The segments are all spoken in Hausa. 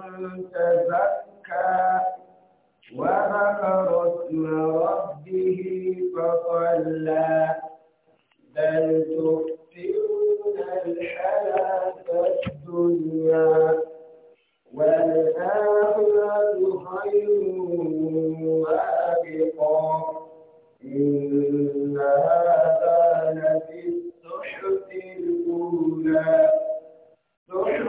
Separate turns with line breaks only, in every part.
تزكى وذكر اسم ربه فصلى بل تؤثرون الحياة الدنيا والآخرة خير وأبقى إن هذا لفي الصحف الأولى صحف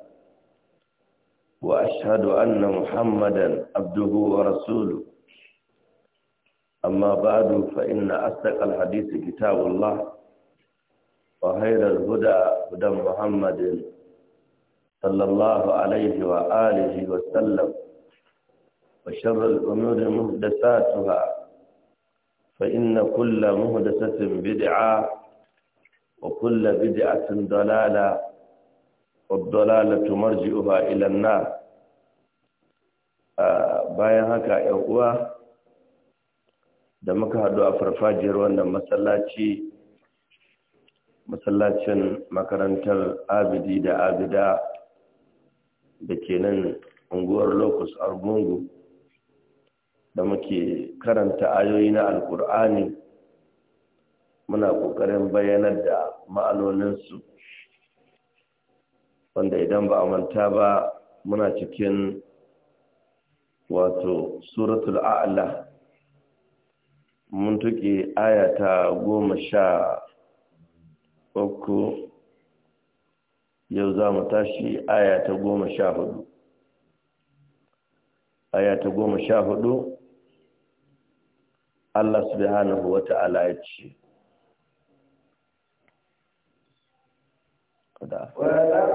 وأشهد أن محمدا عبده ورسوله أما بعد فإن أصدق الحديث كتاب الله وخير الهدى هدى محمد صلى الله عليه وآله وسلم وشر الأمور مهدساتها فإن كل مهدسة بدعة وكل بدعة ضلالة waddalalatu marji'uha ila النار bayan haka 'yan uwa da muka haɗu a farfajiyar wannan masallaci masallacin makarantar abidi da abida da ke nan unguwar locus argungu da muke karanta ayoyi na alkur'ani muna ƙoƙarin bayanar da ma'alolinsu. wanda idan ba a manta ba muna cikin wato suratul a'la mun tuke ayata goma sha uku yau za mu tashi ayata goma sha hudu ayata goma sha hudu Allah subhanahu wa ta'ala ya ce قد أفلح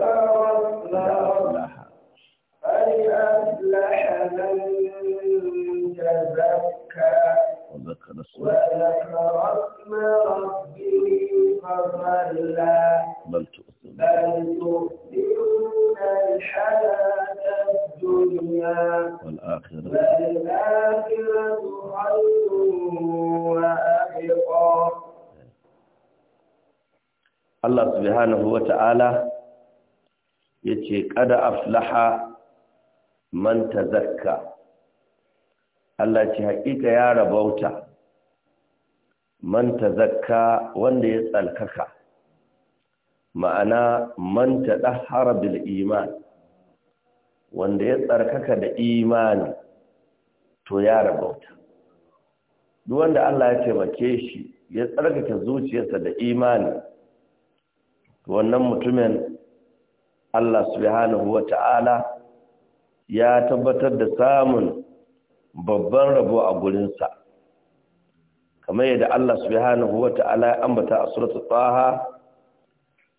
قد أفلح من تزكى وذكر اسم ربه فصلى بل تؤثرون الحياة الدنيا والآخرة والآخرة خير وأبقى
Allah subhanahu wa ta'ala ya ce, Kada aflaha man ta zakka, Allah ce haƙiƙa ya rabauta, man ta zakka wanda ya tsalkaka, ma'ana man ta ɗahara bil iman, wanda ya tsarkaka da imani, to ya rabauta. Duk wanda Allah ya taimake shi ya tsarkake zuciyarsa da imani, wannan mutumin Allah subhanahu wa ta'ala ya tabbatar da samun babban rabo a gurinsa kamar yadda Allah subhanahu wa ta'ala ya ambata a suratul taha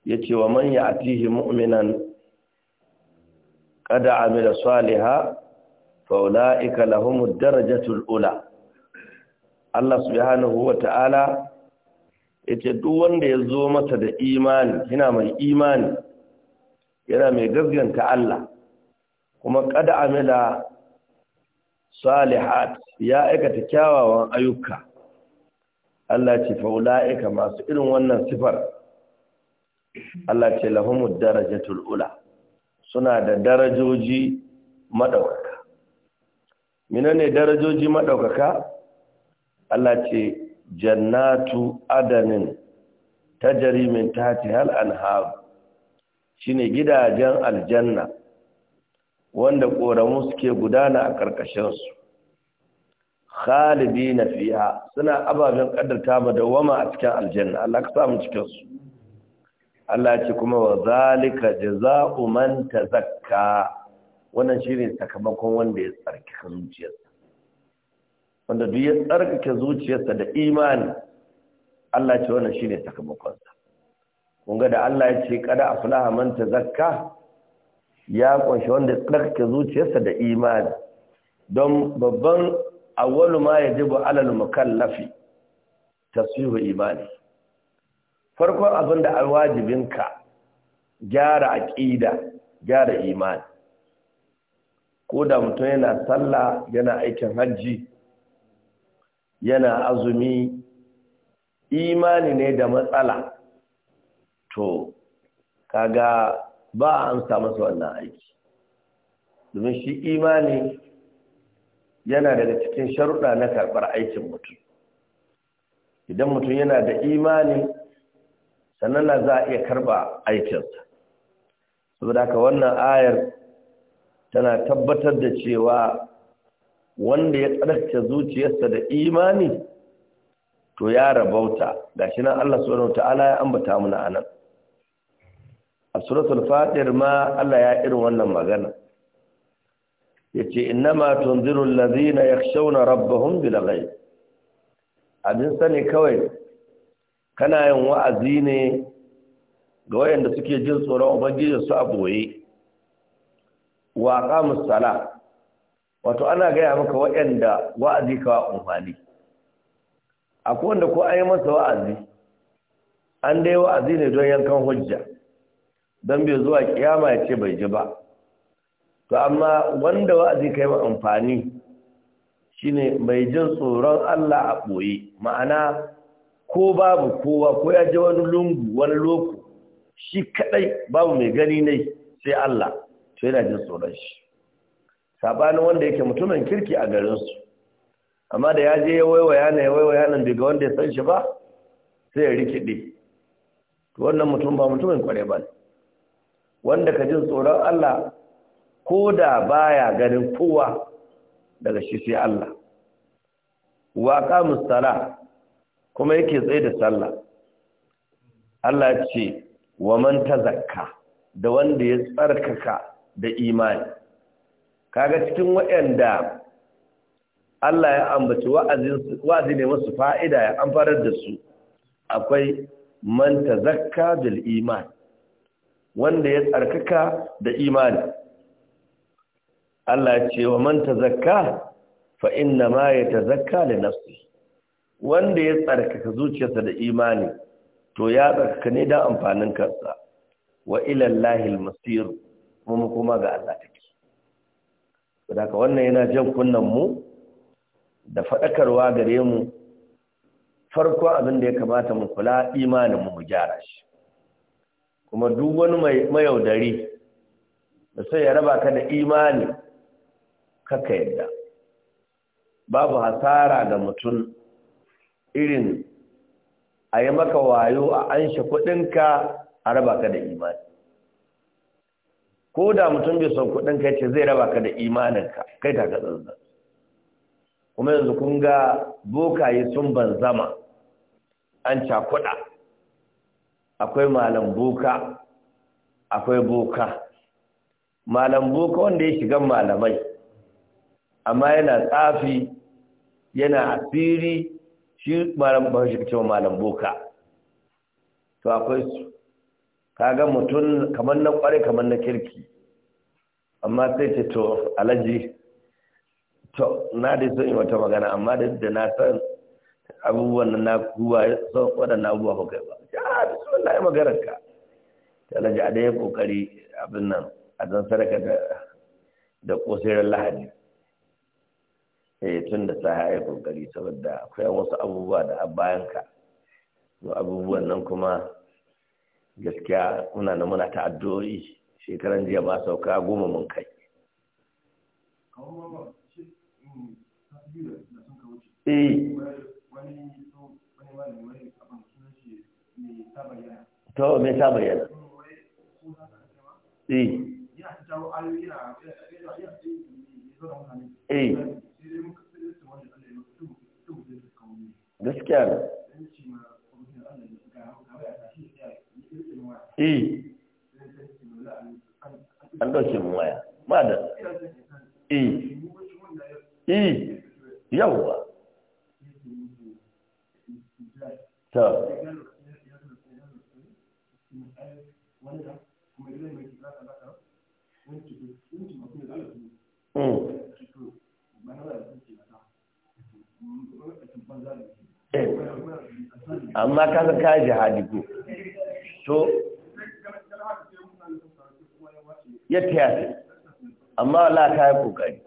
yace wa man ya'tihi mu'minan qad amila salihan fa lahumu lahumud darajatul ula Allah subhanahu wa ta'ala yace duk wanda ya zo masa da imani yana mai imani yana mai gaskiyanta Allah kuma kada amila salihat ya aikata kyawawan ayyuka Allah ce faula'ika masu irin wannan sifar Allah ce lahumud darajatul ula suna da darajoji madaukaka menene darajoji madaukaka Allah ce jannatu adanin ta jarimin tati hal an shine gidajen aljanna wanda ƙoramu suke gudana a ƙarƙashinsu khalidi na fiya suna ababen ƙaddarta ma wama a cikin aljanna Allah ka samu cikinsu Allah ce kuma wa zalika jaza'u man tazakka wannan shine sakamakon wanda ya tsarki zuciyarsa wanda duk ya tsarkake zuciyarsa da imani Allah ce wannan shine sakamakonsa kun ga da Allah ya ce kada aflaha man tazakka ya kunshi wanda ya tsarkake zuciyarsa da imani don babban awwalu ma ya yajibu alal mukallafi tasfihu imani farkon abin da alwajibinka gyara aqida gyara imani ko da mutum yana sallah yana aikin hajji yana azumi imani ne da matsala to kaga ba a amsa masa wannan aiki domin shi imani yana daga cikin sharuɗa na karɓar aikin mutum idan mutum yana da imani sannan za a iya karɓa aikinsa saboda haka wannan ayar tana tabbatar da cewa wanda ya tsarkake zuciyarsa da imani to ya rabauta gashi nan Allah subhanahu wataala ya ambata muna anan a suratul fatir ma Allah ya irin wannan magana yace innama tunziru allazina yakhshawna rabbahum bil ghaib abin sani kawai kana yin wa'azi ne ga wayanda suke jin tsoron ubangijinsu su a boye wa aqamus salat wato ana gaya maka waɗanda wa'azi ka wa amfani akwai wanda ko an yi masa wa'azi an dai wa'azi ne don yankan hujja don bai zuwa kiyama ya ce bai ji ba to amma wanda wa'azi ka yi amfani shine mai jin tsoron Allah a ɓoye ma'ana ko babu kowa ko ya ji wani lungu wani loku, shi kaɗai babu mai gani ne sai Allah to yana jin tsoron shi sabanin wanda yake mutumin kirki a garinsu amma da ya je ya waiwaya ne ya waiwaya nan daga wanda ya san shi ba sai ya rikide wannan mutum ba mutumin kware ba ne. wanda ka jin tsoron Allah ko da baya ganin kowa daga shi sai Allah wa qamus sala kuma yake tsaye da sallah Allah ce wa man tazakka da wanda ya tsarkaka da imani kaga cikin waɗanda Allah ya ambaci wa'azi ne masu fa'ida ya amfarar da su akwai man tazakka bil iman wanda ya tsarkaka da imani Allah ya ce wa man tazakka fa inna ma yatazakka li nafsi wanda ya tsarkaka zuciyarsa da imani to ya tsarkaka ne da amfanin kansa wa ila Allahil kuma kuma ga Allah ka wannan yana jan kunnen mu da faɗakarwa gare mu farko abin da ya kamata mu kula imanin mu gyara shi kuma duk wani mayaudari da sai ya raba ka da imani kaka yadda babu hasara ga mutum irin a yi maka wayo a anshe kuɗinka a raba ka da imani ko da mutum bai son kuɗin kai ce zai raba ka da imaninka kai ta ga tsantsan kuma yanzu kun ga bokaye sun zama an cakuɗa akwai malam boka akwai boka malam boka wanda ya shiga malamai amma yana tsafi yana asiri shi malam boka to akwai Ka kaga mutum kamar na kware kamar na kirki amma sai ce to alaji to na da son in wata magana amma da da na san abubuwan na kuwa so waɗannan abubuwa ba kai ba ya bismillah ya maganar ka alaji a dai kokari abin nan a zan saraka da da kosirin lahadi eh tun da sa ya kokari saboda akwai wasu abubuwa da bayan ka abubuwan nan kuma gaskiya muna na muna ta addu'o'i shekaran jiya ba sauka goma mun kai eh. to me ta bayyana eh eh gaskiya eh an ɗauke ya, mmadụ. ba da eh eh, hmm. eh. amma kaga ka jihadi ko ya taya amma Allah ta yi kokari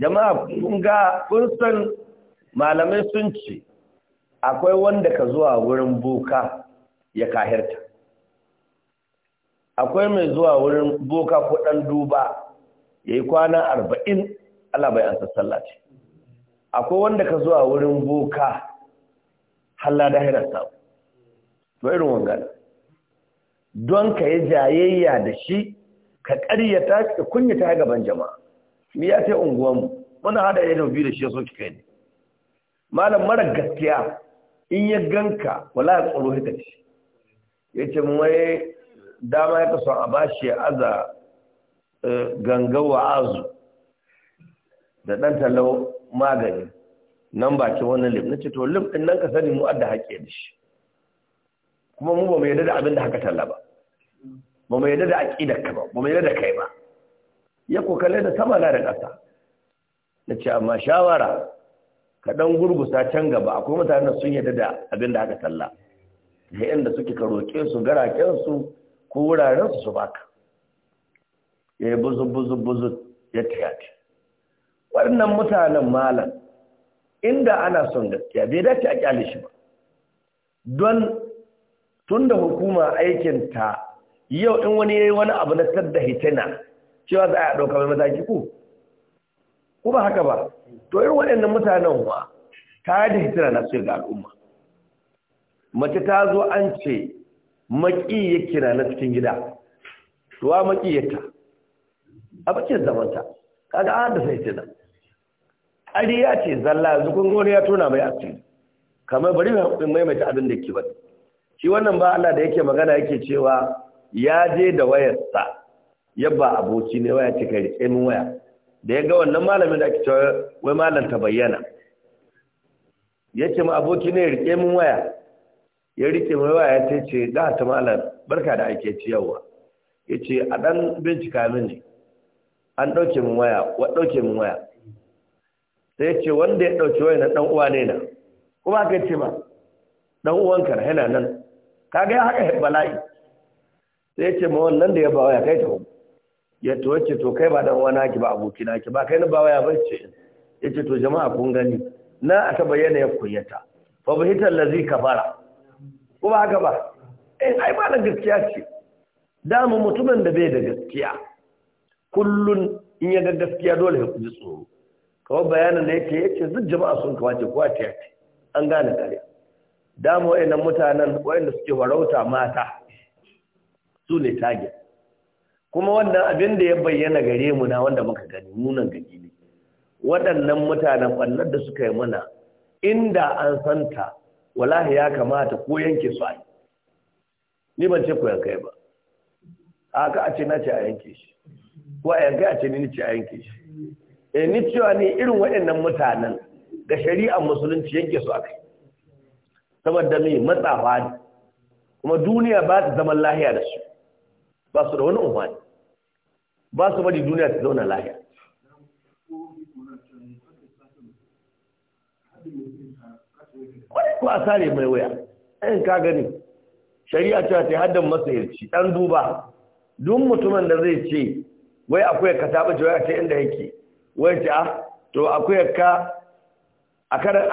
jama'a kun ga kun san malamai sun ce akwai wanda ka zuwa wurin boka ya kahirta akwai mai zuwa wurin boka ko dan duba yayi kwana arba'in Allah bai ansa sallah ce akwai wanda ka zuwa wurin boka halla da hirarsa to irin wanga don ka yi jayayya da shi ka ƙaryata ka ta gaban jama'a mi ya ce unguwanmu muna hada ido biyu da shi ya soki kai ne malam mara gaskiya in ya ganka wala ya tsoro hita ce ya ce mai dama ya kaso a bashi ya aza eh, ganga wa'azu da ɗan talau magani nan bakin wani lim na ce to lim ɗin nan ka sani mu adda haƙe da shi kuma mu ba mu yarda da abin da haka talla ba ba mai yadda da aƙidarka ba ba mai yadda kai ba ya kokalle da sama na da ƙasa na ce amma shawara ka ɗan gurgusa can gaba akwai mutanen sun yadda da abin da aka talla da inda suke ka roƙe su garakensu ko wurarensu su baka ya yi buzu-buzu-buzu ya tiyati waɗannan mutanen malam inda ana son gaskiya bai dace a kyale shi ba don tun da hukuma aikinta yau in wani yayi wani abu na tadda hitina cewa za a dauka mai mataki ku ko ba haka ba to irin waɗannan mutanen wa ta da hitina na cikin al'umma mace ta zo an ce maki ya kira na cikin gida wa maki ya ta a bakin zamanta kaga an da sai tana ariya ce zalla zukun kun gore ya tona mai asiri kamar bari mai maimaita abin da yake ba shi wannan ba Allah da yake magana yake cewa ya je da wayarsa yabba aboki ne waya ce kai rike min waya da ya ga wannan malamin da ake cewa wai malam ta bayyana ya ce ma aboki ne rike min waya ya rike mai waya ya ce da ta malam barka da ake ciyarwa ya ce a ɗan bincika min an ɗauke min waya wa ɗauke min waya sai ya ce wanda ya ɗauke waya na ɗan uwa ne na kuma aka ce ma ɗan uwanka yana nan kaga ya haka bala'i sai ce ma wannan da ya ba waya kai ta hu ya to to kai ba dan wani ki ba abokina ki ba kai na ba waya ba ce ce to jama'a kun gani na aka bayyana ya kunyata fa bihital ladzi kafara ko ba haka ba eh ai ba da gaskiya ce mu mutumin da bai da gaskiya kullun in ya ga gaskiya dole ya kuji tsoro kawai bayanin da yake yace duk jama'a sun kawace kowa ta yace an gane kare mu wayannan mutanen wayanda suke warauta mata su ne target kuma wannan abin da ya bayyana gare mu na wanda muka gani munan gaji ne waɗannan mutanen ɓannar da suka yi mana inda an santa wallahi ya kamata ko yanke su a yi ni ban ce ku yanka ba a ka a ce na ce a yanke shi ko a yanka a ce ni ce a yanke shi e ni cewa ne irin waɗannan mutanen da shari'ar musulunci yanke su a kai saboda mai matsafa ne kuma duniya ba ta zaman lahiya da su ba su da wani umarni ba su bari duniya su zauna lahiya wani ko a sare mai waya ɗayan ka gani shari'a cewa ta haddan masayarci Dan duba duk mutumin da zai ce wai akwai ka taɓa jiwa ta inda yake wai ce a ah, to akwai ka a karan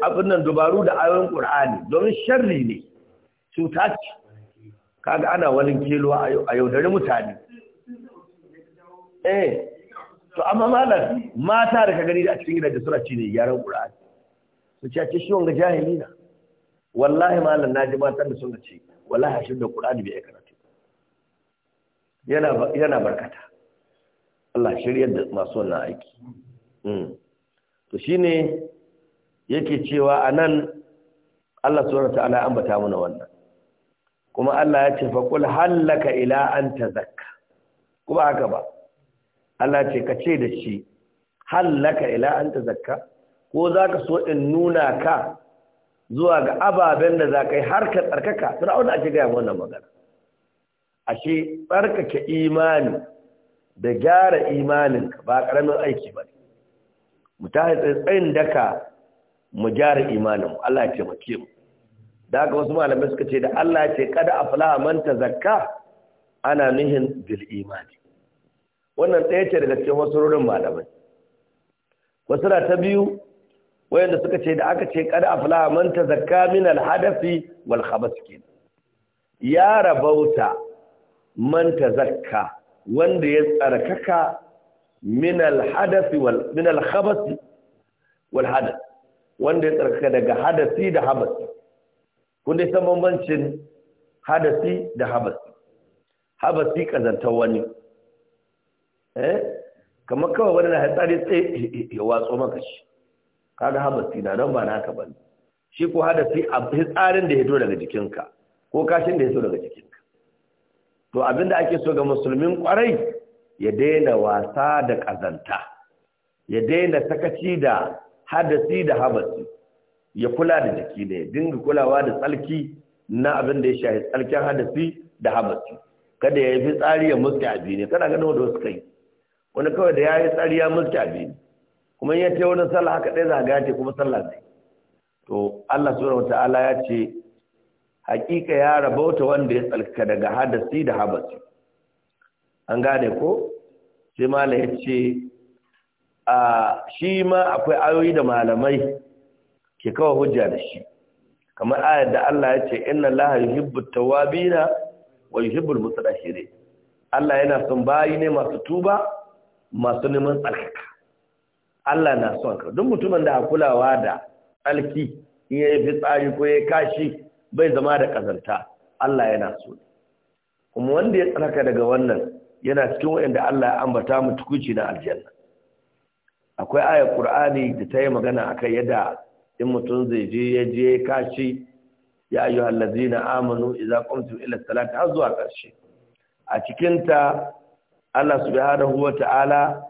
abin nan dubaru da ayoyin ƙur'ani domin sharri ne cuta ce kaga ana wani keluwa a yaudari mutane eh to amma malam mata da ka gani a cikin gidaje suna ci ne gyaran ƙura'ani. su ci ce shi wanga jahili na wallahi malam ji matan da suna ci wallahi shi da ƙura'ani bai karatu yana yana barkata Allah shiryar da masu wannan aiki hmm. To shi ne yake cewa anan Allah subhanahu wa ta'ala ambata mana wannan kuma Allah ya ce fa kul hallaka ila an tazakka kuma haka ba Allah ce ka ce da shi hallaka ila an tazakka ko zaka so in nuna ka zuwa ga ababen da za ka yi har ka tsarkaka fir'auna ake gaya wannan magana ashe tsarkake imani da gyara imaninka ba karamin aiki ba mu ta tsayin daka mu gyara imaninmu Allah ya taimake mu da haka wasu malamai suka ce da Allah ce kada a aflaha manta zakka, ana nihin bil imani wannan ɗaya ce daga cikin wasu rurin malamai wasu na ta biyu wayanda suka ce da aka ce kada a aflaha manta zakka min al hadafi wal khabas ya rabauta manta zakka wanda ya tsarkaka min al hadafi wal min al khabas wal hadath wanda ya tsarkaka daga hadasi da habas. kun dai san bambancin hadasi da habasi habasi kazantar wani eh kamar kawai wani na hatsari tsaye ya watso maka shi kaga habasi na don ba naka bane shi ko hadasi a hitsarin da ya zo daga jikinka ko kashin da ya zo daga jikinka to abinda ake so ga musulmin kwarai ya daina wasa da kazanta ya daina sakaci da hadasi da habasi ya kula da jiki ne dinga kulawa da tsalki na abin da ya shayi tsalkin hadasi da habasi kada ya fi tsari ya muske abi ne kana ganin wanda wasu kai wani kawai da ya yi tsari ya muske abi ne kuma ya ce wani sallah haka ɗaya zaga ce kuma sallah zai to Allah subhanahu wataala ya ce hakika ya rabauta wanda ya tsalka daga hadasi da habasi an gane ko sai malai ya ce a shi ma akwai ayoyi da malamai ke kawo hujja da shi kamar ayar da Allah ya ce inna laha yuhibbu tawabina wa yuhibbul mutatahhirin Allah yana son bayi ne masu tuba masu neman tsarkaka Allah na son ka duk mutumin da kulawa da alki in yayi fitsari ko yayi kashi bai zama da kazanta Allah yana so kuma wanda ya tsarka daga wannan yana cikin wanda Allah ya ambata mutukuci na aljanna akwai ayar Qur'ani da ta yi magana akan yadda in mutum zai je ya je kashi ya yi ayu na amanu iza qumtum ila talata har zuwa karshe a cikin ta Allah huwa ta'ala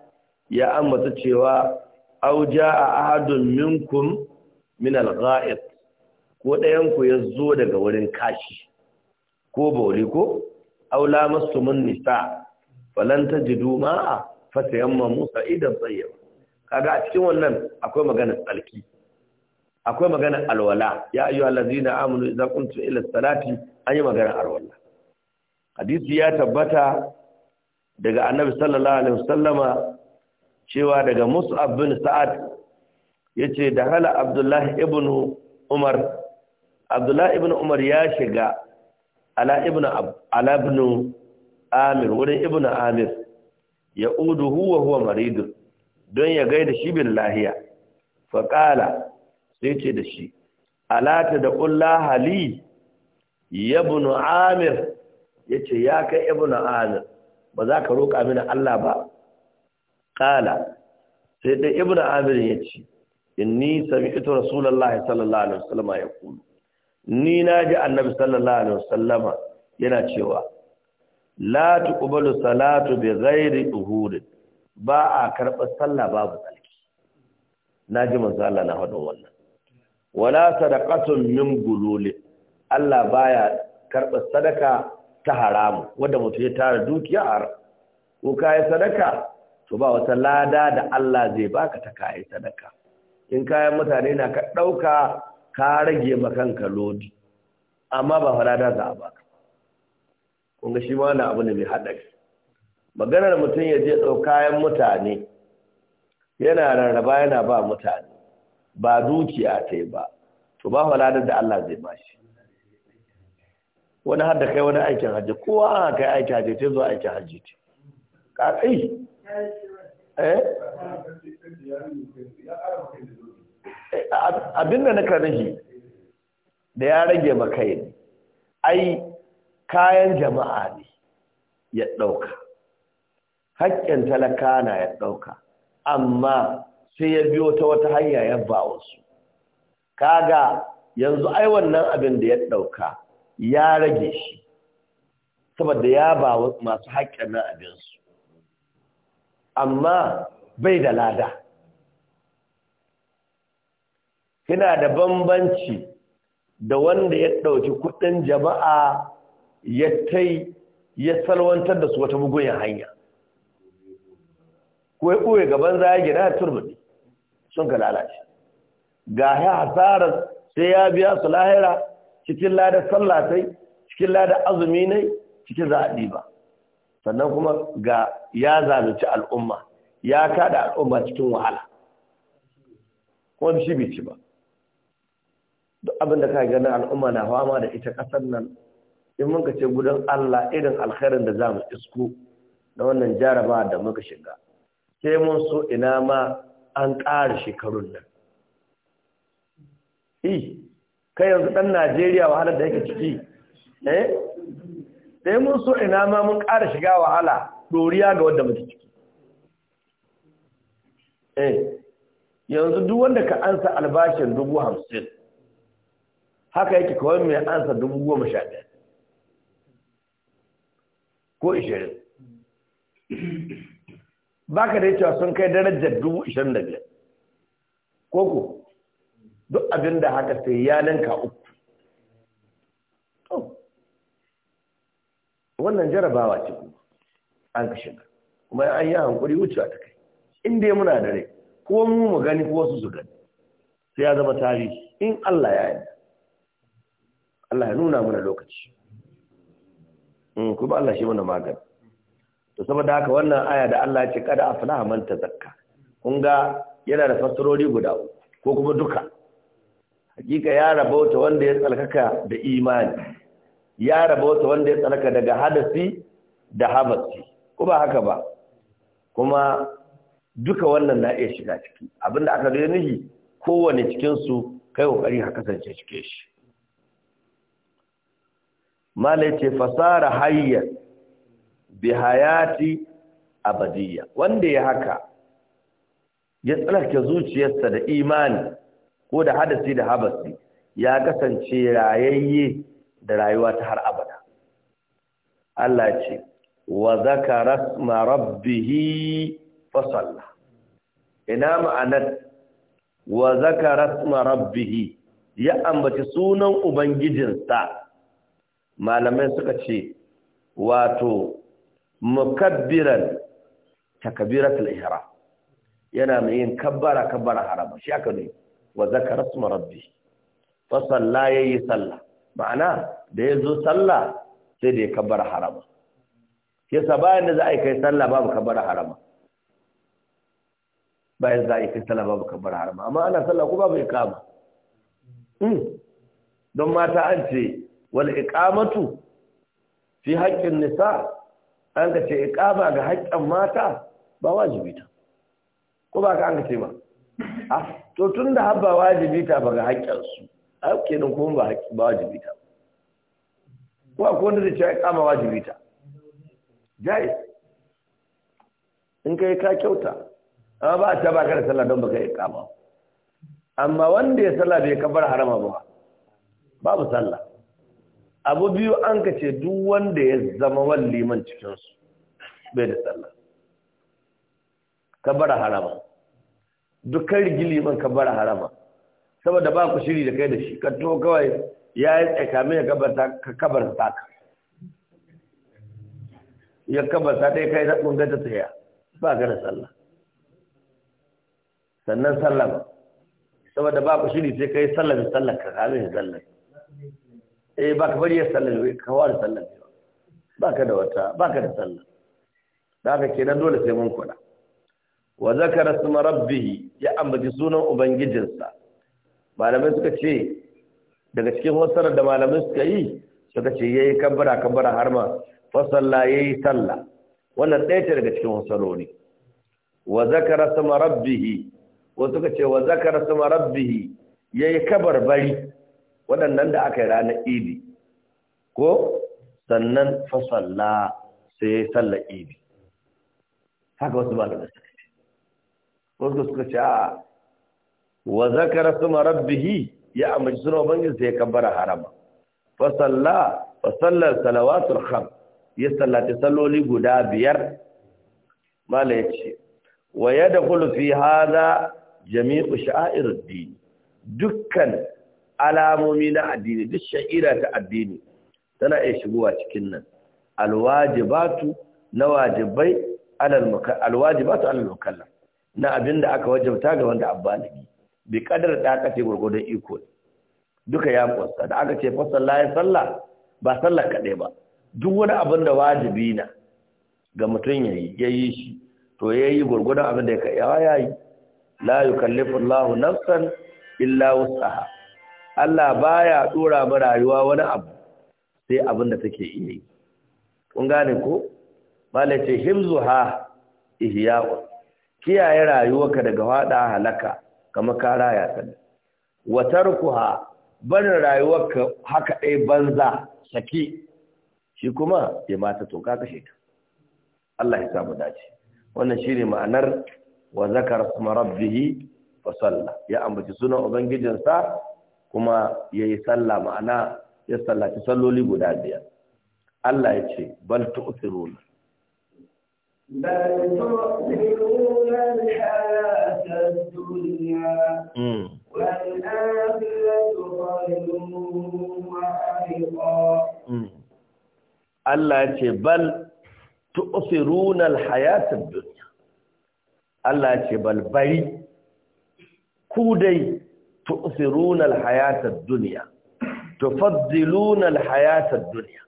ya ambata cewa auja a ahadun minkum min al ko ɗayanku ya zo daga wurin kashi ko bauri ko Aula masu mun nisa falan tajidu ma'a fatayammamu idan tayyiba kaga a cikin wannan akwai maganar tsarki. akwai magana alwala ya ayyu allazina amanu idza qumtu ila salati an yi magana alwala hadisi ya tabbata daga annabi sallallahu alaihi wasallama cewa daga mus'ab bin sa'ad yace da hala abdullahi ibn umar abdullahi ibn umar ya shiga ala ibn ala ibn amir wurin ibn amir ya udu huwa huwa don ya gaida shi bin lahiya qala sai ce da shi alata da ƙulla hali ya bunu amir ya ce ya kai ibnu amir ba za ka roƙa mini Allah ba ƙala sai dai ibnu amir ya ce inni sami'tu rasulullahi sallallahu alaihi wasallama ya kulu ni na ji annabi sallallahu alaihi wasallama yana cewa la tuqbalu salatu bai ghairi uhud ba a karɓar sallah babu tsalki Na manzo Allah na hadin wannan wala sadaqatun min gululi Allah baya karba sadaka ta haramu wanda mutum ya tara dukiya ko kai sadaka to ba wata lada da Allah zai baka ta kai sadaka in kayan mutane na ka dauka ka rage makanka lodi amma ba farada za a baka kun ga shi ma abu ne mai haɗari maganar mutum ya je ɗau kayan mutane yana rarraba yana ba mutane ba dukiya ta yi ba to ba haladar da Allah zai ba shi wani har da kai wani aikin hajji kowa an kai aikin hajji ta zo aikin hajji ta ka
Eh? eh abinda na
karnishi da ya rage makai ne ai kayan jama'a ne ya ɗauka haƙƙin talaka na ya ɗauka amma sai ya biyo ta wata hanya ya ba wasu kaga yanzu ai wannan abin da ya ɗauka ya rage shi saboda ya ba masu haƙƙin nan abinsu amma bai da lada kina da bambanci da wanda ya ɗauki kuɗin jama'a ya tai ya salwantar da su wata mugun hanya ko ya gaban za gina turbi. sun ka lalace ga ya hasara sai ya biya su lahira cikin ladar sallatai cikin ladar azumi ne cikin zaɗi ba sannan kuma ga ya zalunci al'umma ya kada al'umma cikin wahala kuma shi bai ci ba duk abinda ka gani al'umma na fama da ita ƙasar nan in muka ce gudan Allah irin alkhairin da za mu isku na wannan jarabawa da muka shiga sai mun so ina ma an ƙara shekarun nan i kai yanzu ɗan najeriya wahalar da yake ciki eh sai mun so ina ma mun ƙara shiga wahala ɗoriya ga wadda muke ciki eh yanzu duk wanda ka ansa albashin dubu hamsin haka yake kawai mai ansa dubu goma sha ɗaya ko ishirin Ba ka dai cewa sun kai darajar dubu ishirin da biyar koko duk abin da haka sai ya ninka uku wannan jarabawa ce kuma an ka shiga kuma an yi hankuri wucewa ta kai inda ya muna da rai ko mu mu gani ko wasu su gani sai ya zama tarihi in Allah ya yi Allah ya nuna mana lokaci mm, kuma Allah shi mana magana to saboda haka wannan aya da Allah ya ce kada aflaha man tazakka kun ga yana da fassarori guda ko kuma duka hakika ya ta wanda ya tsalkaka da imani ya ta wanda ya tsalkaka daga hadasi da habasi ko ba haka ba kuma duka wannan na iya shiga ciki abinda aka gani nihi kowane cikin su kai kokari ka kasance cike shi malai ce fasara hayyan bi hayati abadiyya wanda ya haka ya tsarkake zuciyarsa da imani ko da hadasi da habasi ya kasance rayayye da rayuwa ta har abada Allah ce wa zakara ma rabbihi fa salla ina ma'anar wa zakara ma rabbihi ya ambaci sunan ubangijinsa malamai suka ce wato mukabbiran takbiratul ihram yana mai yin kabbara kabbara harama shi aka ne wa zakara suma rabbi fa salla yayi salla ma'ana da yazo salla sai da ya kabbara harama yasa bayan da za a yi kai salla babu kabbara harama bayan za a yi kai salla babu kabbara harama amma ana salla ko babu iqama hmm. don mata an ce wal iqamatu fi haqqin nisa an ka ce ikaba ga haƙƙin mata ba wajibi ta ko ba ka an ka ce ba a to tun da habba wajibi ta ba ga haƙƙin su a kenan kuma ba ba wajibi ta ko akwai wanda da ce ikaba wajibi ta jai in kai ka kyauta amma ba a ta ba ka da sallah don baka ikaba amma wanda ya sallah bai kabar harama ba babu sallah abu biyu an ka ce duk wanda ya zama wan liman cikinsu bai da sallah ka bara harama dukkan rigi liman ka bara harama saboda ba ku shiri da kai da shi ka to kawai ya yi tsakami ya kabar ta ka ya kabar ta ɗaya kai na ƙungar ta tsaya ba ka da sallah sannan sallah saboda ba ku shiri sai kai sallah da sallah ka kamin sallah eh ba ka bari ya sallar ka ware sallar ba ka da wata ba ka da sallar da haka kenan dole sai mun kula wa zakara suma rabbihi ya ambaci sunan ubangijinsa malamai suka ce daga cikin wasarar da malamai suka yi suka ce yayi kabbara kabbara har ma fasalla ya yayi salla wannan ɗaya ce daga cikin wasarori wa zakara suma rabbihi wasu suka ce wa zakara suma rabbihi yayi kabar bari waɗannan da aka yi ranar idi ko sannan fasalla sai salla idi haka wasu ba da suka ce wasu suka ce a wa zakara su marabbihi ya amince suna bangin sai ya kabbara harama fasalla fasallar salawatul kham ya sallati salloli guda biyar mala ya ce wa ya da kulufi hada jami'u sha'irar dini dukkan alamomi na addini duk sha'ira ta addini tana iya shigowa cikin nan alwajibatu na wajibai alwajibatu alal mukallaf na abin da aka wajabta ga wanda abbaligi bi kadar da aka ce gurgurdan iko duka ya kwasa da aka ce fa sallah ya sallah ba sallah kadai ba duk wani abin da wajibi na ga mutum yayi yayi shi to yayi gurgurdan abin da ya yayi la yukallifullahu nafsan illa wusaha Allah baya dora mu rayuwa wani abu sai abin da take iya kun gane ko malace himzuha ihya'u kiyaye rayuwarka daga fada halaka kamar ka raya ta wa tarkuha barin rayuwarka haka dai banza saki shi kuma ya mata to ka kashe ta Allah ya samu dace wannan shine ma'anar wa zakara kuma rabbihi fa salla ya ambaci sunan ubangijinsa kuma ya yi sallah ma'ana ya sallaci salloli guda biyar Allah ya ce bal tu'thiruna hmm. hmm. Allah ya ce bal tu'thiruna al-hayata ad Allah ya ce bal bari ku dai تؤثرون الحياة الدنيا تفضلون الحياة الدنيا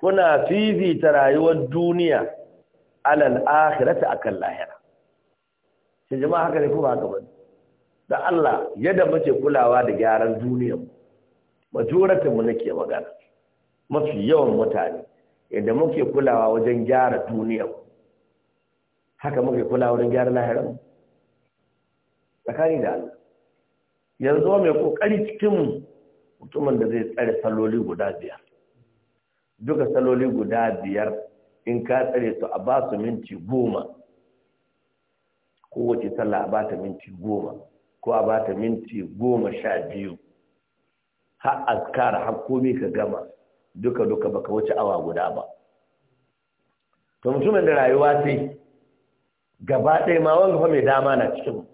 كنا في في ترايو الدنيا على rayuwar duniya alal akhirati akan lahira shi jama'a haka ne ko haka ba da Allah yadda muke kulawa da gyaran duniyar majoratin mu nake magana mafi yawan mutane yadda muke kulawa wajen gyara duniyar haka muke kulawa wajen gyara tsakani da Allah yanzu mai kokari cikin mutumin da zai tsare saloli guda biyar duka saloli guda biyar in ka tsare su a ba su minti goma kowace sallah a ba ta minti goma ko a ba ta minti goma sha biyu har azkar har komai ka gama duka duka baka wuce awa guda ba to mutumin da rayuwa sai gaba ɗaya ma wanga fa mai dama na cikin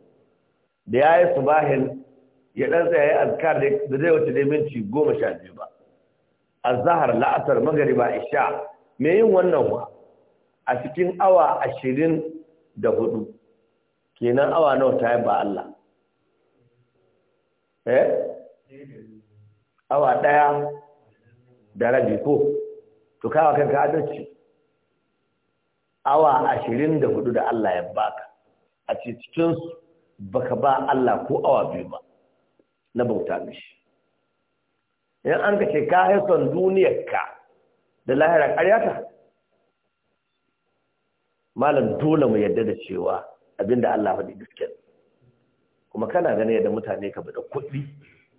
da yayi subahin ya dan sai ya azkar da zai wuce dai minti goma ba azhar la'asar magariba isha me yin wannan wa a cikin awa ashirin da hudu kenan awa nawa ta yi ba Allah eh awa daya da rabi ko to kawa kanka adalci awa ashirin da hudu da Allah ya baka a cikinsu baka ba Allah ko awa biyu ba na bauta mishi yan an ka ce ka duniyar duniyarka da lahira karyata malam dole mu yadda da cewa abinda Allah faɗi gaskiya kuma kana gane yadda mutane ka bada kuɗi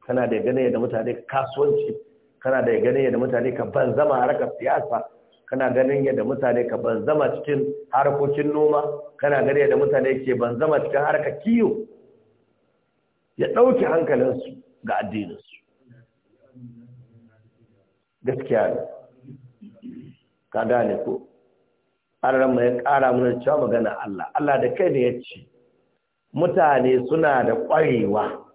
kana da gane yadda mutane ka kasuwanci kana da gane yadda mutane ka ban zama harkar siyasa kana ganin yadda mutane ka ban zama cikin harkokin noma kana gane yadda mutane ke ban zama cikin harkar kiyo ya ɗauke hankalinsu ga addininsu gaskiya ne ka gane ko ƙararmu ya ƙara mana cewa magana Allah Allah da kai ne ya ce mutane suna da ƙwarewa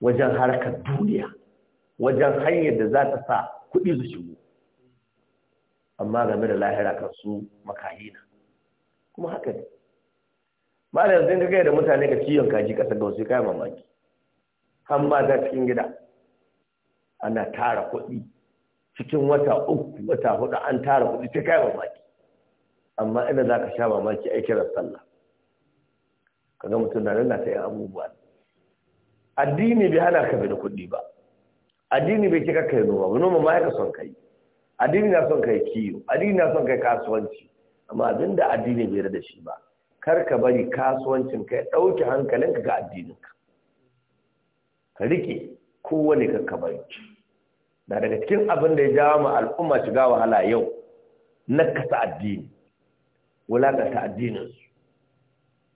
wajen harkar duniya wajen hanyar da za ta sa kuɗi su shigo amma game da lahira kan su makahina kuma haka ne ba da yanzu ka kai da mutane ga ciwon kaji kasa da wasu kai mamaki Kan ba ta cikin gida ana tara kuɗi cikin wata uku wata hudu an tara kuɗi ta kai mamaki amma inda za ka sha mamaki a kira sallah Ka ga mutum na nan na ta yi abubuwa addini bai hana ka bi da kuɗi ba addini bai kika kai noma ba noma ma ya ka son kai addini na son kai kiyo addini na son kai kasuwanci amma abinda addini bai da shi ba kar ka bari kasuwancin ka ya ɗauke hankalinka ga addininka ka rike kowane ka ka bari da daga cikin abin da ya jawo ma al'umma shiga wahala yau na kasa addini wulakanta addininsu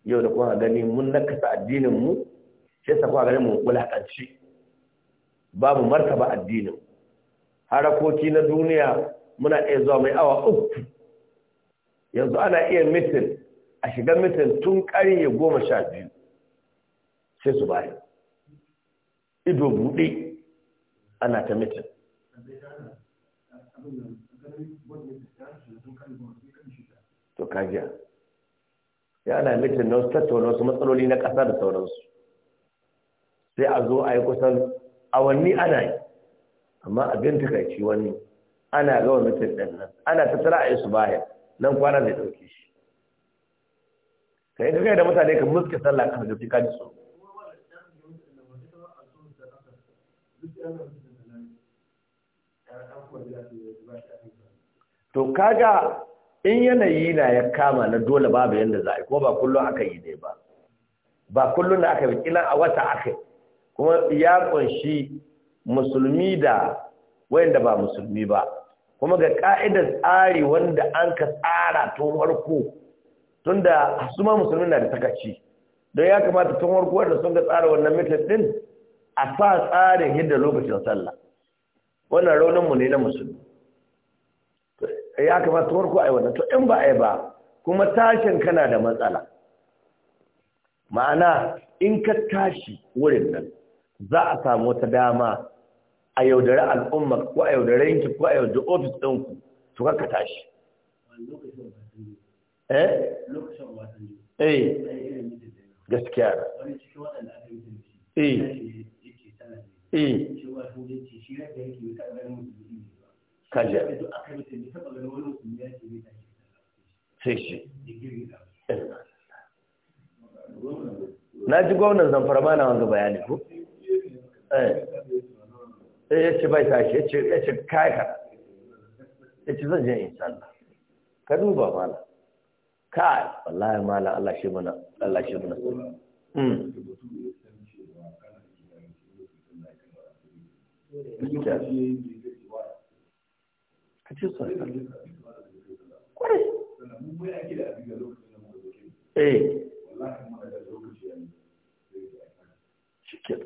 yau da kuma gani mun nakasa mu, sai sa kuma gani mu wulakanci babu martaba addinin harakoki na duniya muna iya zuwa mai awa uku yanzu ana iya mitin a shiga mitin tun ƙarye goma sha biyu sai su bayan ido buɗe ana ta mitin to kajiya ya ana mitin na wasu tattaunar wasu matsaloli na ƙasa da sauransu sai a zo a yi kusan awanni ana yi amma abin ta kai wani ana gawa mitin ɗin nan ana tattara a yi su bayan nan kwana zai ɗauki shi kai da da mutane ka muske sallah kan da ka ji so to kaga in yanayi na ya kama na dole babu yanda za a yi ko ba kullum aka yi ne ba ba kullum da aka yi a wata aka kuma ya kunshi musulmi da wayanda ba musulmi ba kuma ga ka'idar tsari wanda an ka tsara tun farko tunda su ma musulmi na da takaci don ya kamata tun warkuwar da sun ga tsara wannan mitin din a sa tsarin yadda lokacin sallah wannan raunin mu ne na musulmi ya kamata tun warkuwa ai wannan to in ba ai ba kuma tashin kana da matsala ma'ana in ka tashi wurin nan za a samu wata dama a yaudare al'umma ko a yaudare yanki ko a yaudare ofis ɗinku to ka tashi
eh, eh.
gaskiya na ji gwamnan zamfara ba na wanga bayani ku eh. eh ya ce bai tashi ya ce kaya kai ka ya ce zan je in ka duba mana kai wallahi mala Allah shi muna Allah shi mana mm kace
so kware eh shi eh.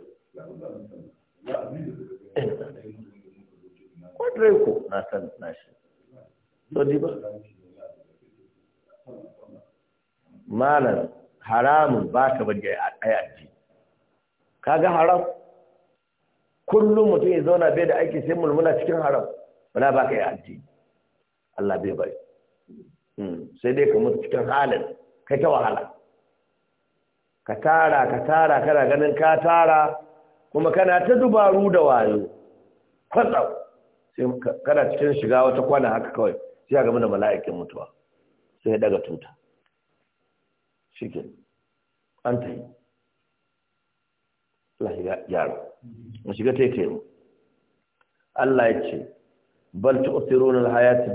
kwadre ko na san na shi so diba. ba malam haramun ba ka bari a yaji kaga haram kullum mutum ya zauna bai da aiki sai mulmula cikin haram wala ba ka yi aji Allah bai bari hmm, sai dai ka mutu cikin halin kai ta wahala ka tara ka tara kana ganin ka tara kuma kana ta dubaru da wayo kwatsau sai kana cikin shiga wata kwana haka kawai sai ga mana mala'ikin mutuwa sai daga tuta shi ke an ta yi shiga yaro mu shiga yi mu Allah ya ce bal tu'thiruna al-hayata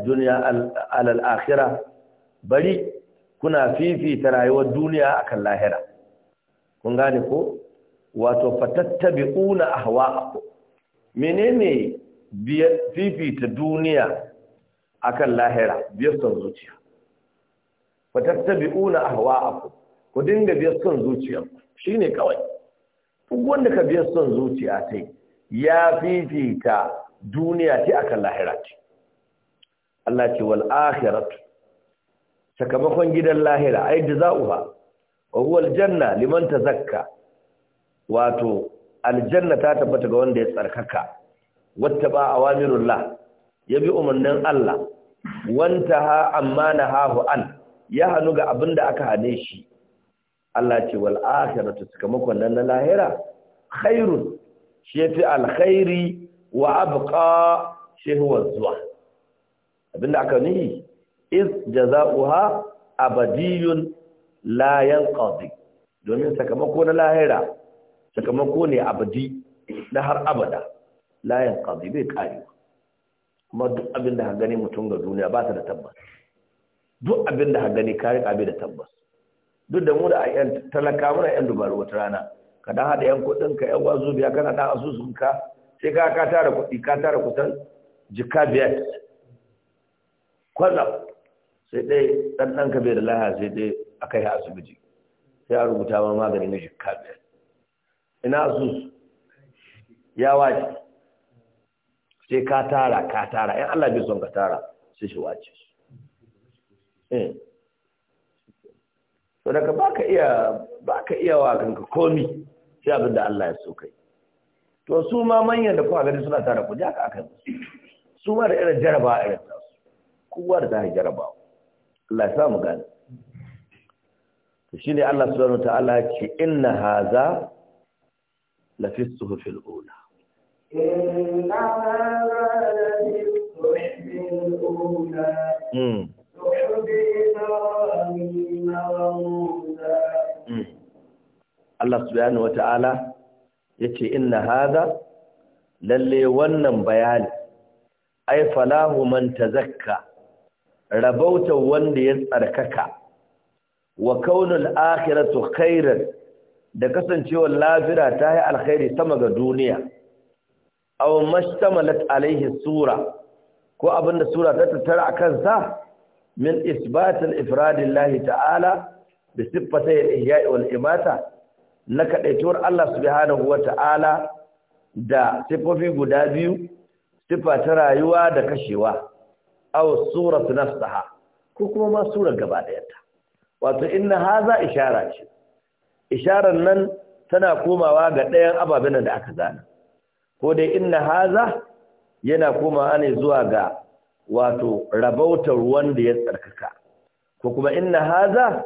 ad bari kuna fifita rayuwar duniya akan lahira kun gane ko wato a hawa fatattabi'una Mene menene fifita duniya akan lahira biyar son zuciya 'una tattabi'una ahwa'akum ku dinga biyar son zuciya shine kawai duk wanda ka biyar son zuciya sai ya fifita duniya ce akan lahira ce Allah ce wal sakamakon gidan lahira ai jazaoha wa huwa janna liman tazakka wato aljanna ta tabbata ga wanda ya tsarkaka wattaba awamirullah bi umarnin Allah wanta ha amma na hahu an ya hannu ga abin da aka hane shi Allah ce wal akhiratu sakamakon nan na lahira khairun shi yafi alkhairi wa abqa shi huwa zuwa abinda aka nuhi iz jaza'uha abadiyun la yanqadi domin sakamako na lahira sakamako ne abadi na har abada la yanqadi bai kare kuma duk abinda ka gani mutum ga duniya ba ta da tabbas duk abin da gani ka riƙa bai da tabbas duk da mu da ayyan talaka muna yan dubaru wata rana ka dan hada yan kuɗin ka yan wazo biya kana dan asusun ka sai ka ka tara kuɗi ka tara kusan jika biyar kwallon sai dai dan dan ka bai da laha sai dai akai ha asibiti sai a rubuta ma magani na jika biyar ina asusu ya wace sai ka tara ka tara in Allah bai son ka tara sai shi wace su eh so daga baka iya baka iya wa kanka komi sai abin da Allah ya so kai to su ma manyan da kuka gani suna tare ku ji haka aka musu su ma da irin jaraba irin ta su kowa da tare jaraba Allah ya samu gani to shine Allah subhanahu wa ta'ala ce inna haza la fi suhufil ula
inna haza la fi ula hmm.
Allah subhanahu wata'ala yace inna hadha lalle wannan bayani ai falahu man tazakka rabauta wanda ya tsarkaka wa kaunul akhiratu khairan da kasancewar lafira ta yi alkhairi sama ga duniya aw mashtamalat alaihi sura ko abinda sura ta tattara a kansa min isbatil ifradillahi ta'ala bi sifatai ihya'i wal imata na kaɗaituwar Allah subhanahu wa ta'ala da siffofi guda biyu siffa ta rayuwa da kashewa su suratu nafsaha ko kuma ma sura gaba ɗayanta wato inna haza ishara ce isharar nan tana komawa ga ɗayan ababen da aka zana ko dai inna haza yana komawa ne zuwa ga wato rabautar wanda ya tsarkaka ko kuma inna haza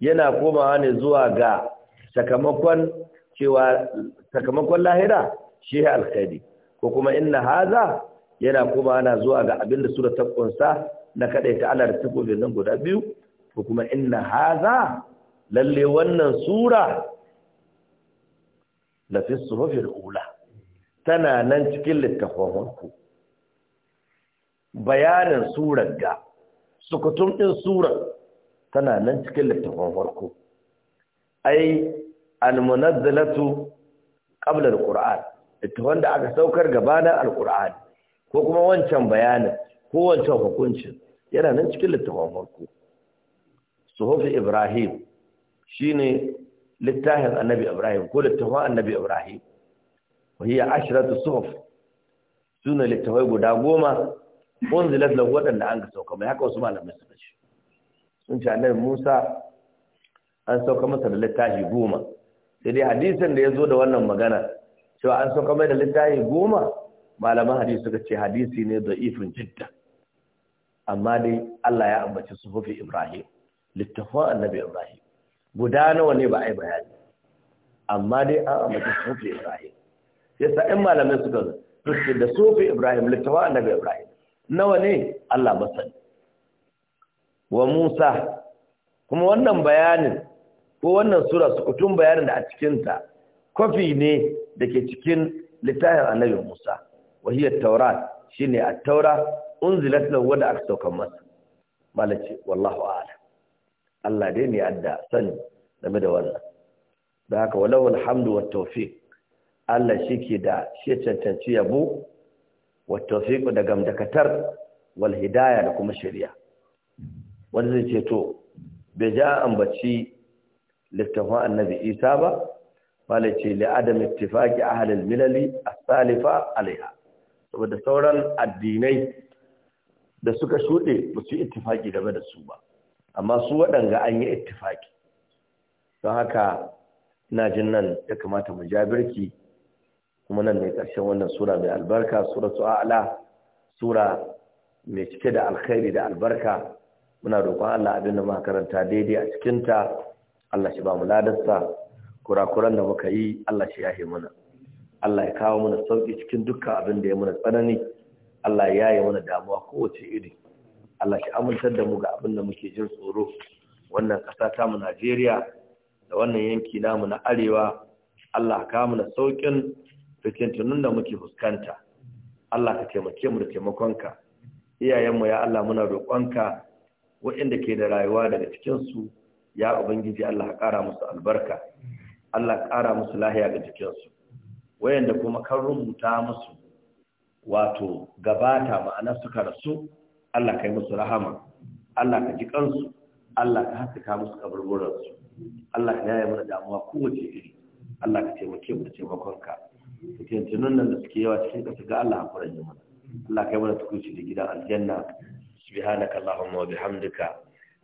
yana komawa ne zuwa ga sakamakon cewa sakamakon lahira shi alkhairi ko kuma inna haza yana kuma ana zuwa ga abin da sura ta kunsa na kadai ta Allah da tukubin nan guda biyu ko kuma inna haza lalle wannan sura la fi suhufil ula tana nan cikin littafanku bayanin surar ga sukutun din surar tana nan cikin littafin farko ai almunazzalatu qabla alquran littafin da aka saukar gabanin alquran ko kuma wancan bayanin ko wancan hukuncin yana nan cikin littafin farko suhufi ibrahim shine littafin annabi ibrahim ko littafin annabi ibrahim wahiya ashratu suhuf Suna littafai guda goma unzilat lahu wadanda an ga sauka mai haka wasu malamai suka ce sun ce annabi Musa an sauka masa da littafi goma sai dai hadisin da ya zo da wannan magana cewa an sauka mai da littafi goma malaman hadisi suka ce hadisi ne da ifin jidda amma dai Allah ya ambaci sufufi Ibrahim littafin annabi Ibrahim guda nawa ne ba a yi bayani amma dai an ambaci sufufi Ibrahim yasa in malamai suka zo suke da sufufi Ibrahim littafin annabi Ibrahim nawa ne Allah masani wa Musa kuma wannan bayanin ko wannan sura sukutun bayanin da a cikinta Kofi ne da ke cikin littafin annabi Musa wahiyar taurat ne a taura unzilat na wadda aka saukan masa malace wallahu ala Allah dai ne adda sani game da wannan da haka walau alhamdu wa tawfiq Allah shi ke da shi cancanci yabo wat tawfiq da gamdakatar walhidaya da kuma shari'a wanda zai ce to bai ja ambaci littafin annabi isa ba Wale ce li'adam ittifaqi ahlul milali as-salifa alaiha saboda sauran addinai da suka shude ba su yi ittifaqi game da su ba amma su waɗanga an yi ittifaqi don haka ina jin nan ya kamata mu jabirki kuma nan ne karshen wannan sura mai albarka suratu a'la sura mai cike da alkhairi da albarka muna roƙon Allah abin da muka karanta daidai a cikin ta Allah shi ba mu ladarsa kurakuran da muka yi Allah shi yahe mana Allah ya kawo mana sauki cikin dukkan abin da ya muna tsanani Allah ya yaye mana damuwa kowace iri Allah shi amintar da mu ga abin da muke jin tsoro wannan ƙasa ta mu Najeriya da wannan yanki namu na arewa Allah ka mu na saukin fitintunun da muke fuskanta Allah ka taimake mu da taimakonka iyayenmu ya Allah muna roƙonka waɗanda ke da rayuwa daga cikinsu ya ubangiji Allah ƙara musu albarka Allah ƙara musu lahiya ga jikinsu wayanda kuma kan rubuta musu wato gabata ma'ana suka rasu Allah kai musu rahama Allah ka ji kansu Allah ka haskaka musu kaburburansu Allah ka yaya mana damuwa kowace iri Allah ka taimake mu da taimakonka tunan nan da suke yawa cikin ƙasa ga Allah hakuran yi mana Allah kai mana tukuci da gidan aljanna subhanaka allahumma wa bihamdika